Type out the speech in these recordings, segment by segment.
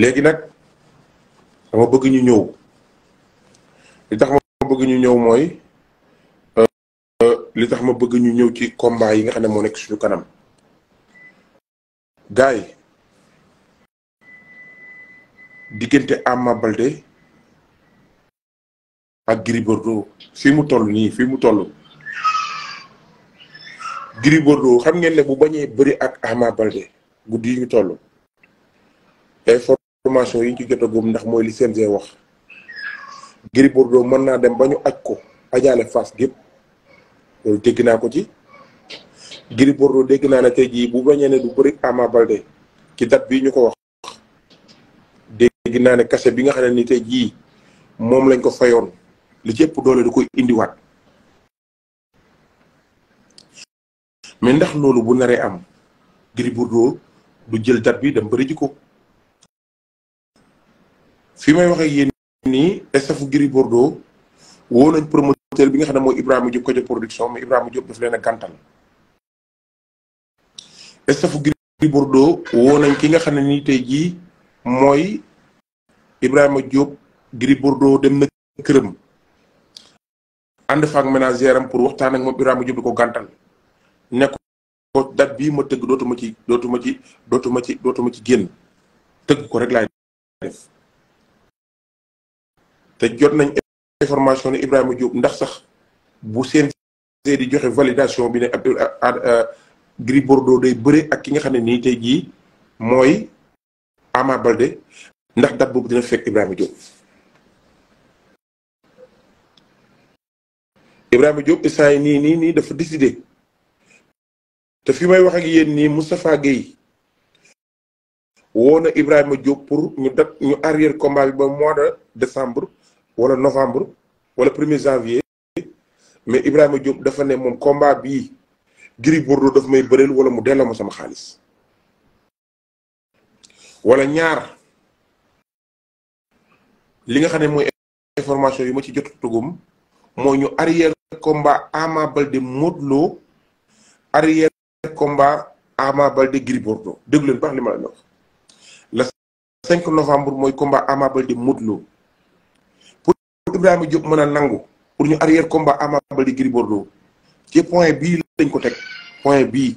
léegi nag dama bëgg ñu ñëw li tax ma bëgg ñu ñëw mooy euh, li tax ma bëgg ñu ñëw ci combat yi nga xam ne moo nekk suñu kanam gaay diggante Ama Baldé ak Gris Bordeaux fii mu toll nii fii mu toll Gris Bordeaux xam ngeen ne bu bañee bari ak Ama Baldé guddi yi ñu toll effort information yi ñu ci jotagum ndax mooy li CNG wax Gris Bordeaux mën naa dem ba ñu aj ko ajaale fas gépp loolu dégg naa ko ci Gris Bordeaux dégg naa ne tey jii bu bañee ne du bëri Ama Baldé ci date bii ñu ko wax dégg naa ne cachet bi nga xam ne ni tey jii moom lañ ko fayoon li jëpp ëpp doole du koy indiwaat mais ndax loolu bu naree am Gris Bordeaux du jël date bi dem bëri ji ko fi may wax ak yéen nii estafu Gris Bordeaux woo nañ promoteur bi nga xam ne mooy Ibrahima Diop Kajoor production mais Ibrahima Diop daf leen a gàntal estafu Gris Bordeaux nañ ki nga xam ne nii tey jii mooy Ibrahima Diop Gris Bordeaux dem na këram ànd fa ak am pour waxtaan ak moom Ibrahima Diop di ko gàntal nekk ko date bii tëgg dootuma ci dootuma ci dootuma ci dootuma ci génn tëgg ko rek te jot nañ information ne Ibrahima Diop ndax sax bu seen di joxe validation bi ne euh, euh, Gris Bordeaux day bëre ak ki nga xam ne nii te jii mooy Ama Balde ndax date boobu dina fekk Ibrahima Diop. Ibrahima Diop yi nii nii nii dafa décidé te fi may wax ak nii Moustapha Gueye woo na Ibrahima Diop pour ñu dat ñu arrière combat ba mois de décembre. wala novembre wala er janvier mais Ibrahima Diop dafa né mom combat bi Gris Bordeaux daf may beurel wala mu delama sama xaliss wala ñaar li nga xamné moy information yu ma ci jot tugum mooy ñu arrière combat Ama de Modou Lô arrière combat Ama de Gris Bordeaux deug leen bax li ma la le 5 novembre moy combat Ama de Moudlou Ibrahima Diop mën a nangu pour ñu arrière combat Ama Baldé Gris Bordeaux ci point bi lañ ko tek point bii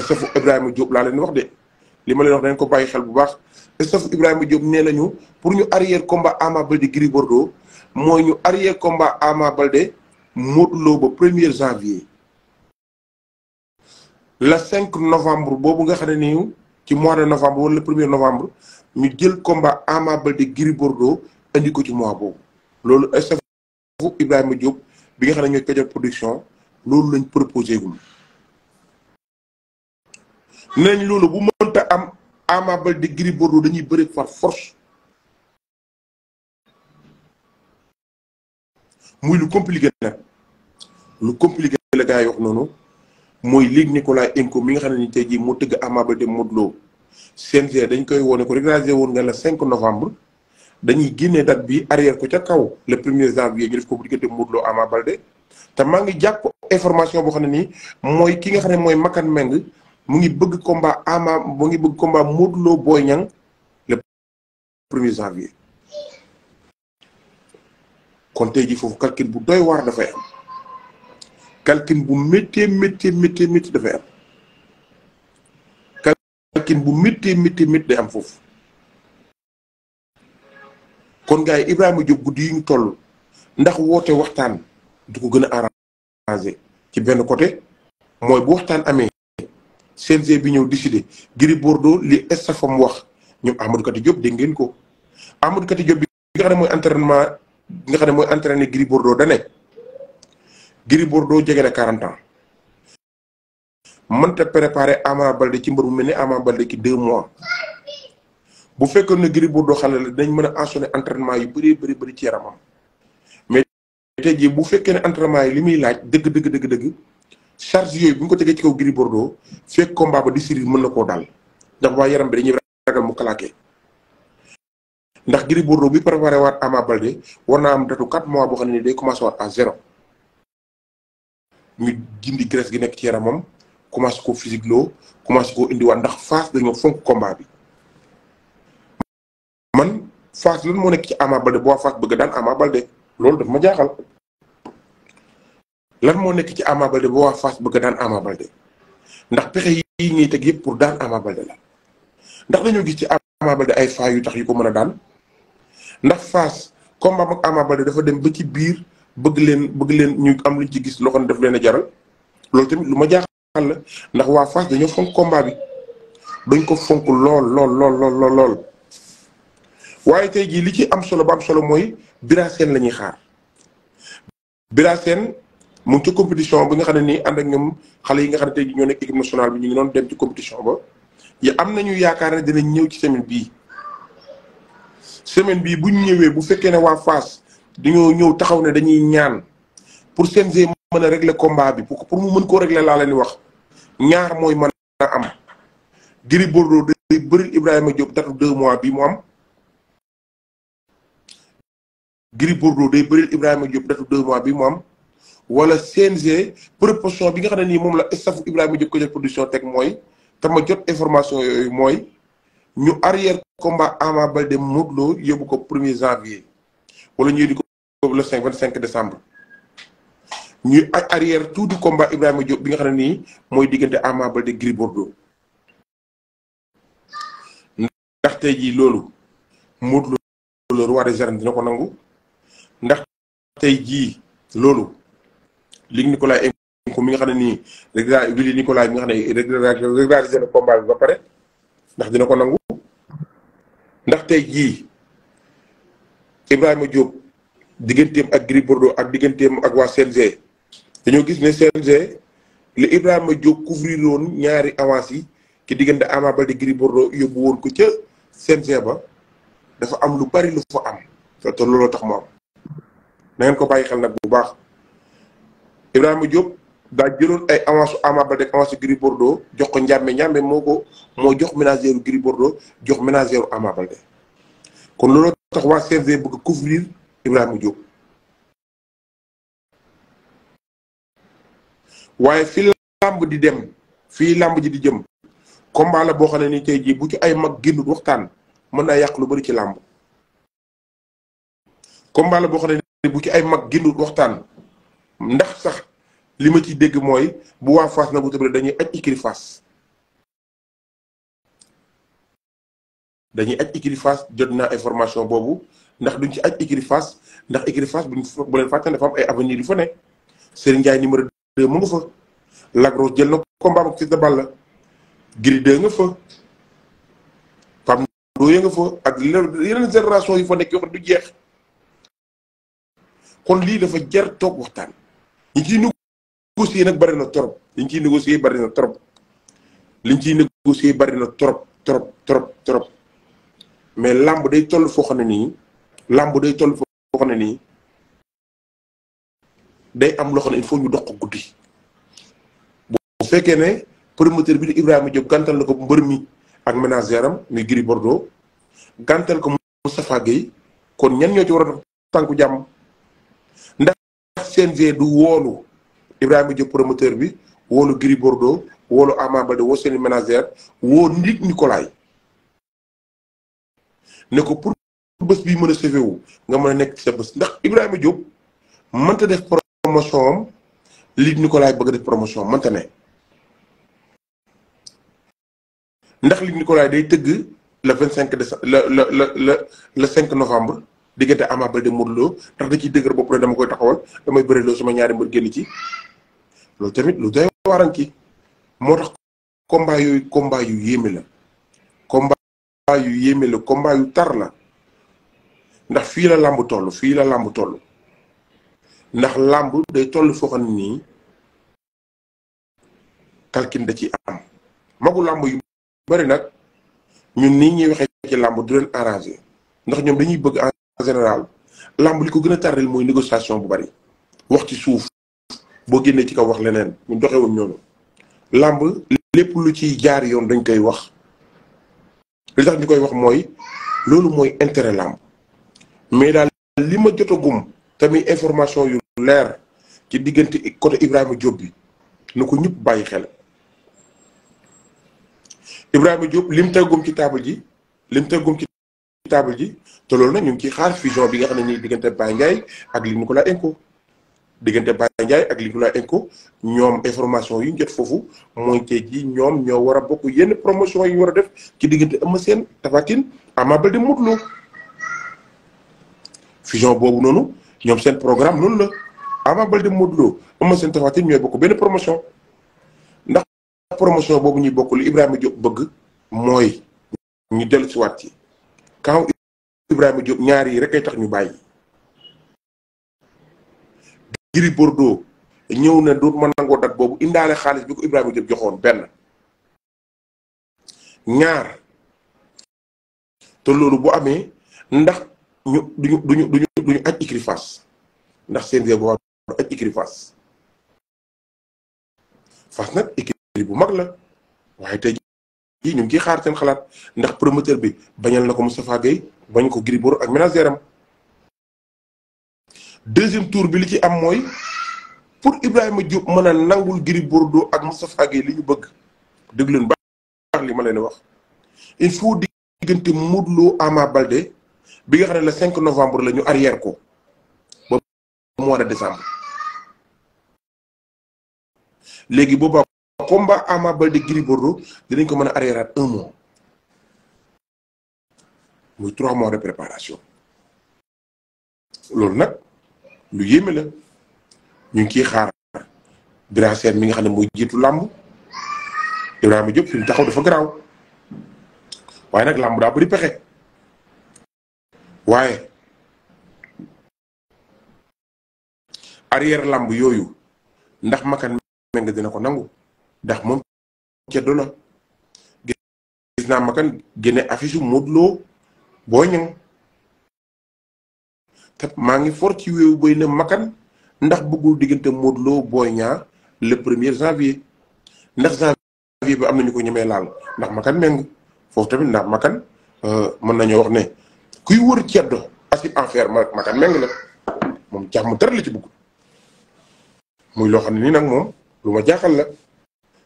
staffu Ibrahima Diop la leen wax de li ma leen wax dañ ko bàyyi xel bu baax staffu Ibrahima Diop né lañu pour ñu arrière combat Ama Baldé Gris Bordeaux mooy ñu arrière combat Ama Baldé Modou Lo ba premier janvier le 5 novembre bobu nga xam ni ci mois de novembre wala 1er novembre ñu jël combat Ama Baldé Gris Bordeaux ko ci mois boobu loolu staff Ibrahima Diop bi nga xam ne ñooy Kajoor production loolu lañ proposé gum nañ loolu bu mënta am Ama Baldé Gris dañuy bëri par force muy lu compliqué nag lu compliqué la gaa yi wax noonu mooy léegi Nicolas Enko mi nga xam ne ni tey jii moo tëgg Ama de Modou CNG dañ koy woné ko réglagé won nga le 5 novembre dañuy génne date bi arrière ko ca kaw le 1er janvier ñu def ko bu diggante Ama Baldé ta ma ngi jàpp information bo xamné ni moy ki nga xamné moy mooy Makan Meng mu ngi bëgg combat Ama mu ngi bëgg combat Modou Boyñang le 1er janvier. kon tey jii foofu calcul bu doy waar dafay am calcul bu méttee méttee méttee méttee dafay am. lakkin bu métti métti métti day am foofu kon gars yi Ibrahima Diop guddi yi toll ndax woote waxtaan du ko gën a arrangé ci benn côté mooy bu waxtaan amee CNG bi ñëw décidé Gris Bordeaux li estafam wax ñoom Amadou Kati Diop dégg ngeen ko Amadou Kati Diop bi nga xam ne mooy entraînement bi nga xam ne mooy entraîné Gris Bordeaux da ne Gris Bordeaux jege na 40 ans. mënta préparé Ama Baldé ci mbër mu mel ni Ama Baldé ki deux mois bu fekkee ne Gris Bordeaux xale la dañ mën a enchaîner entraînement yu bëree bëri bëri ci yaramam mais tey jii bu fekkee ne entraînement yi li muy laaj dëgg dëgg dëgg dëgg charge yooyu bu ñu ko tegee ci kaw Gris Bordeaux fekk combat ba mën na koo daal ndax waa yaram bi dañuy ragal mu claqué ndax Gris Bordeaux bi préparé waat Ama Baldé war naa am datu 4 mois boo xam ne day commencé waat à zéro ñu dindi graisse gi nekk ci yaramam. commencé ko physique loo commencé ko indiwaat ndax Fass dañoo fonk combat bi man Fass lan moo nekk ci Ama Baldé boo Fass bëgg daan Ama Baldé loolu daf ma jaaxal lan moo nekk ci Ama Baldé boo Fass bëgg daan Ama Baldé ndax pexe yi ñuy teg yëpp pour daan Ama Baldé la ndax dañoo gis ci Ama Baldé ay faa yu tax yu ko mën a daal ndax Fass combat ak Ama Baldé dafa dem ba ci biir bëgg leen bëgg leen ñu am luñ ci gis loo ne daf leen a jaral loolu tamit lu ma jaaxal kan la ndax waa Fass dañoo fonk combat bi dañ ko fonk lool lool lool lool lool waaye tey jii li ci am solo ba am solo mooy Bira Sène la ñuy xaar Bira Sène mu ngi ci compétition bi nga xam ne nii ànd ak xale yi nga xam ne tey jii ñoo nekk équipe nationale bi ñu ngi doon dem ci ba am nañu yaakaar na dinañ ñëw ci semaine bii semaine bii bu ñëwee bu fekkee ne waa fas dañoo ñëw taxaw ne dañuy ñaan pour CNG mën a régler combat bi pour mu mën koo régler laa leen wax. ñaar mooy mën am Gris Bordeaux day bëri Ibrahima Diop datu deux mois bi mu am Gris Bordeaux bëri Ibrahima Diop datu deux mois bi mu am wala CNG proposition bi nga xam ne nii moom la staffu Ibrahima Diop ko jël production teg mooy tama jot information yooyu mooy ñu arrière combat Ama Baldé Modou Lô yóbbu ko premier janvier wala ñu yóbbu ko le cinq vingt cinq décembre ni arrière tout du combat a Diop bi nga xam ne nii mooy diggante Ama Baldé Gris Bordeaux ndax tey jii loolu Modou Lo le roi des arènes dina ko nangu ndax tey jii loolu Luc Nicolaï ko mi nga xam ne nii régla Luc Nicolaï mi nga xam ne régularisé ba pare ndax dina ko nangu ndax tey jii Ibrahima Diop digganteem ak Gris Bordeaux ak digganteem ak waa CNG dañoo gis ne CNG li Ibrahima Diop couvrir woon ñaari avance yi ci diggante Ama Baldé Gris Bordeaux yóbbu woon ko ca CNG ba dafa am lu bari lu fa am te looloo tax mu am na ngeen ko bàyyi xel nag bu baax Ibrahima Diop daal jëloon ay avance Ama Baldé ak avance Gris Bordeaux jox ko njàmme njàmme moo ko moo jox ménagère Gris Bordeaux jox ménagère Ama Baldé kon looloo tax waa CNG bëgg couvrir Ibrahima Diop. waaye fi làmb di dem fii làmb ji di jëm combat boo xam ne ni tey bu ci ay mag génnut waxtaan mën naa yàq lu bari ci làmb combat boo xam ne ci ay mag génnut waxtaan ndax sax li ma ciy dégg mooy bu waa Fass na bu tëbale dañuy aj ikiri Fass dañuy aj ikiri Fass jot naa ay formation boobu ndax duñ ci aj ikiri Fass ndax ikiri Fass bu leen fàttali dafa am ay avenir yu fa nekk seen Ndiaye numéro de mu nga fa Lac Rose jël na combat ak Fils de Balla Gris nga fa Pam Ndoye nga fa ak yeneen génération yi fa nekk yoo du jeex kon lii dafa jar toog waxtaan ñi ciy négocier nag bari na trop liñ ciy négocier bari na trop liñ ciy négocier bari na trop trop trop trop mais làmb day toll foo xam ne nii làmb day toll foo xam ne nii day am loo xam il faut ñu dox ko guddi. bu fekkee ne promoteur bi di Ibrahima Diop gàntal na ko mbër mi ak ménagère am muy Gris Bordeaux gàntal ko Moustapha Gueye kon ñan ñoo ci war a tànku jàmm ndax CNG du woolu Ibrahima Diop promoteur bi woolu Gris Bordeaux woolu Ama Baldé woo seeni ménagère woo Luc Nicolaï ne ko pour bés bii mën a sauvé wu nga mën a nekk ci sa bés ndax Ibrahima Diop mënta def promotion am Luc Nicolaï bëgg def promotion am mënta ne ndax Luc Nicolaï day tëgg le vingt cinq décembre le le le cinq novembre diggante Ama Baldé Modou Lô ndax da ciy dëgër bopp dama koy taxawal damay bëri loo sama ñaari mbër génn ci loolu tamit lu doy waaran ci moo tax combat yu yéeme la combat yu yéeme la combat yu tar la ndax fii la làmb toll fii la làmb toll ndax làmb day toll foo xam nii kalkin da ci am magu làmb yu bari nag ñun nii ñuy waxee ci làmb du leen arrangé ndax ñoom dañuy bëgg en général làmb li ko gën a tàrrel mooy négociation bu bari wax ci suuf boo génnee ci kaw wax leneen ñu doxewuñ ñoonu làmb lépp lu ci jaar yoon dañ koy wax li tax ñu koy wax mooy loolu mooy intére làmb mais daal li jotagum tamit information yu leer ci diggante côté Ibrahima Diop bi na ko ñëpp bàyyi xel Ibrahima Diop lim teggum ci table ji lim teggum ci table ji te loolu na ñu ngi ciy xaar fusion bi nga xam ne nii diggante Baye Ndiaye ak li Nicolas Enko diggante Baye Ndiaye ak li ñoom information yi ñu jot foofu mooy tey jii ñoom ñoo war a bokk yenn promotion yi war a def ci diggante Eumeu Sène Tapha Tine Ama Baldé Modou Lô fusion boobu noonu. ñoom seen programme loolu la Ama Baldé Modou Lô Eumeu Sène ñooy bokk benn promotion ndax promotion boobu ñuy bokkul li Ibrahima Diop bëgg mooy ñu dellu si waat ci kaw Ibrahima Diop ñaar yi rek ay tax ñu bàyyi. Gris Bordeaux ñëw na du ma nangoo dat boobu indaale xaalis bi ko Ibrahima Diop joxoon benn ñaar te loolu bu amee ndax ñu duñu duñu duñu duñu aj écurie Fass ndax seen réew booba du aj écurie Fass Fass nag écurie bu mag la waaye te jii ñu ngi xaar ten xalaat ndax promoteur bi bañal na ko Moustapha Gueye bañ ko Gris Bordeaux ak ménagère am deuxième tour bi li ci am mooy pour Ibrahima Diop mën a nangul Gris Bordeaux ak Moustapha Gueye li ñu bëgg déglu leen baax li ma leen wax il faut diggante Modou Lo Ama Baldé bi nga xam ne la 5 novembre la ñu arrière ko ba mois de décembre léegi boobaa combat Ama Baldé Gris Bordeaux dinañ ko mën a arriéraat un mois muy trois mois de préparation loolu nag lu yéeme la ñu ngi ciy xaar Bira Sène mi nga xam ne muy jiitu làmb Ibrahima Diop fi mu taxaw dafa garaaw waaye nag làmb daa bëri pexe. waaye arrière lamb yooyu ndax makan meng dina ko nangu ndax moom ceddo la gis naa makan génne affiche u Modou Lo Boy maa ngi fort ci wéewu bay makan ndax bëggul diggante Modou Lo Boy Niang le premier janvier ndax janvier bi am nañu ko ñemee laal ndax makan meng foofu tamit ndax makan euh, mën nañoo wax ne kuy wër ceddo asib enfer ma makan meng la moom jàmm la ci bëgg muy nii nag moom lu ma jaaxal la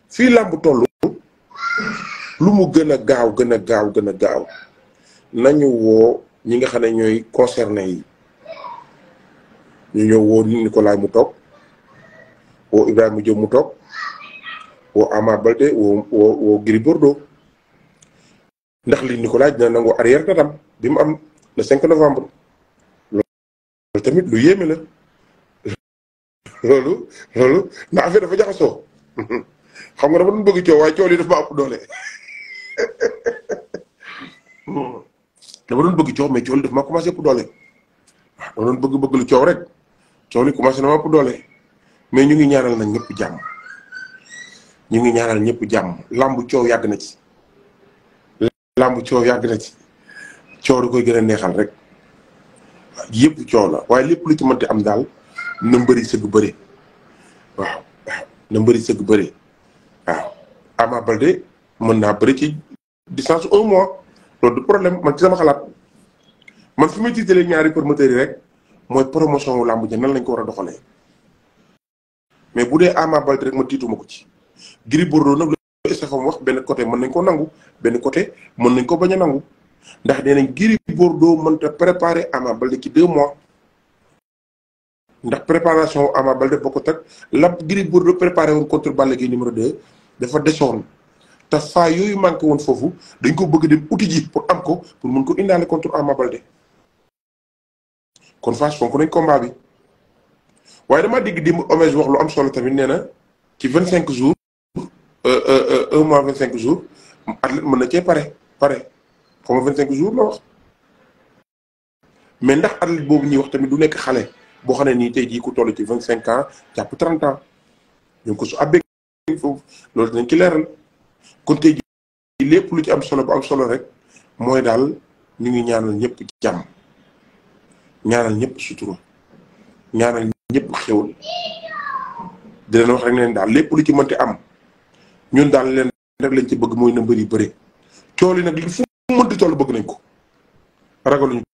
fii làmb tollu lu mu gën a gaaw gën a gaaw gën a gaaw nañu woo ñi nga xam ne ñooy concerné yi ñu ñëw woo Nicolas mu toog woo mu Diop mu toog woo Ama Balde woo woo woo ndax li Nicolas dina nangoo arrière tatam bi mu am le 5 novembre loolu tamit la loolu loolu ndax affaire dafa jaxasoo xam nga dafa doon bëgg coow waaye coow li dafa ëpp doole dafa bëgg coow mais ma commencé ëpp doole waaw doon bëgg bëgg lu coow rek coow li commencé na ma ëpp doole mais ñu ngi ñaanal nañ ñëpp jàmm ñu ngi ñaanal ñëpp jàmm làmb coow yàgg na ci làmb coow yàgg na ci cioro koy gëna neexal rek yépp cioro la waaye lépp lu ci mënti am daal na mbëri sëgg bëri waaw na mbëri sëgg bëri waaw Ama balde mën naa bëri ci distance un mois loolu du problème man ci sama xalaat man fi may tiitalee ñaari promoteur yi rek mooy promotion wu làmb ja nan lañ ko war a doxalee mais bu dee Ama balde rek ma tiituma ko ci Gris Bordeaux nag la estafam wax benn côté mën nañ ko nangu benn côté mën nañ ko bañ a nangu ndax nee nañ Gris Bordeaux mënta préparer Ama Baldé ci deux mois ndax préparation Ama Baldé bokkut ak la Gris Bordeaux préparé woon contre Balla Gaye numéro 2 dafa desoon te faa yooyu manqué woon foofu dañ ko bëgg dem outil ji pour am ko pour mun ko indaale contre Ama Baldé kon Fass fonk nañ combat bi waaye damaa dégg démb Omez wax lu am solo tamit nee na ci vingt cinq jours euh, euh, euh, un mois vingt cinq jours athlète mën na cee pare pare. xaw ma 25 jours la wax mais ndax athlète boobu ñuy wax tamit du nekk xale boo xam ne nii tey jii tollu toll ci 25 ans jàpp 30 ans ñu ko su abbee foofu loolu dinañ ci leeral kon tey lépp lu ci am solo bu solo rek mooy daal ñu ngi ñaanal ñëpp jàmm ñaanal ñëpp sutura ñaanal ñëpp xewul di leen wax rek ne daal lépp lu ci mënti am ñun daal leen rek lañ ci bëgg mooy na mbëri bëre cool yi nag mën di toll bëgg nañ ko ragaluñ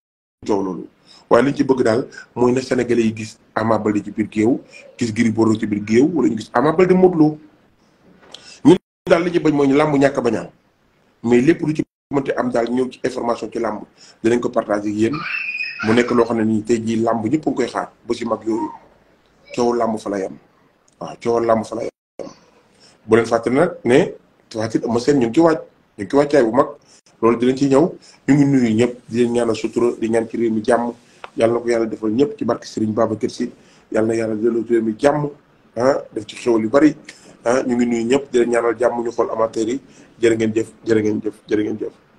coow loolu waaye liñ ci bëgg daal mooy na sénégalais yi gis Ama Baldé ci biir géew gis Gris Bordeaux ci biir géew wala ñu gis Ama Baldé modlo. Lô ñun daal li ci bañ mooy ñu làmb ñàkk bañaam mais lépp lu ci mënti am daal ñëw ci information ci falayam. dinañ ko partager yéen mu nekk loo xam ne nii tey jii làmb ñëpp koy xaar mag fa la fa la bu seen ñu ci ñu ngi ci wàccaay bu mag loolu dinañ ci ñëw ñu ngi nuyu ñëpp di ñaan a sutura di ñaan ci réew mi jàmm yàlla na ko yàlla defal ñëpp ci barke Serigne Babacar si yàlla na yàlla delloo réew mi jàmm ah def ci xéwal yu bari ah ñu ngi nuyu ñëpp di leen ñaanal jàmm ñu xool amateur yi jërë ngeen jëf ngeen jëf jërë ngeen jëf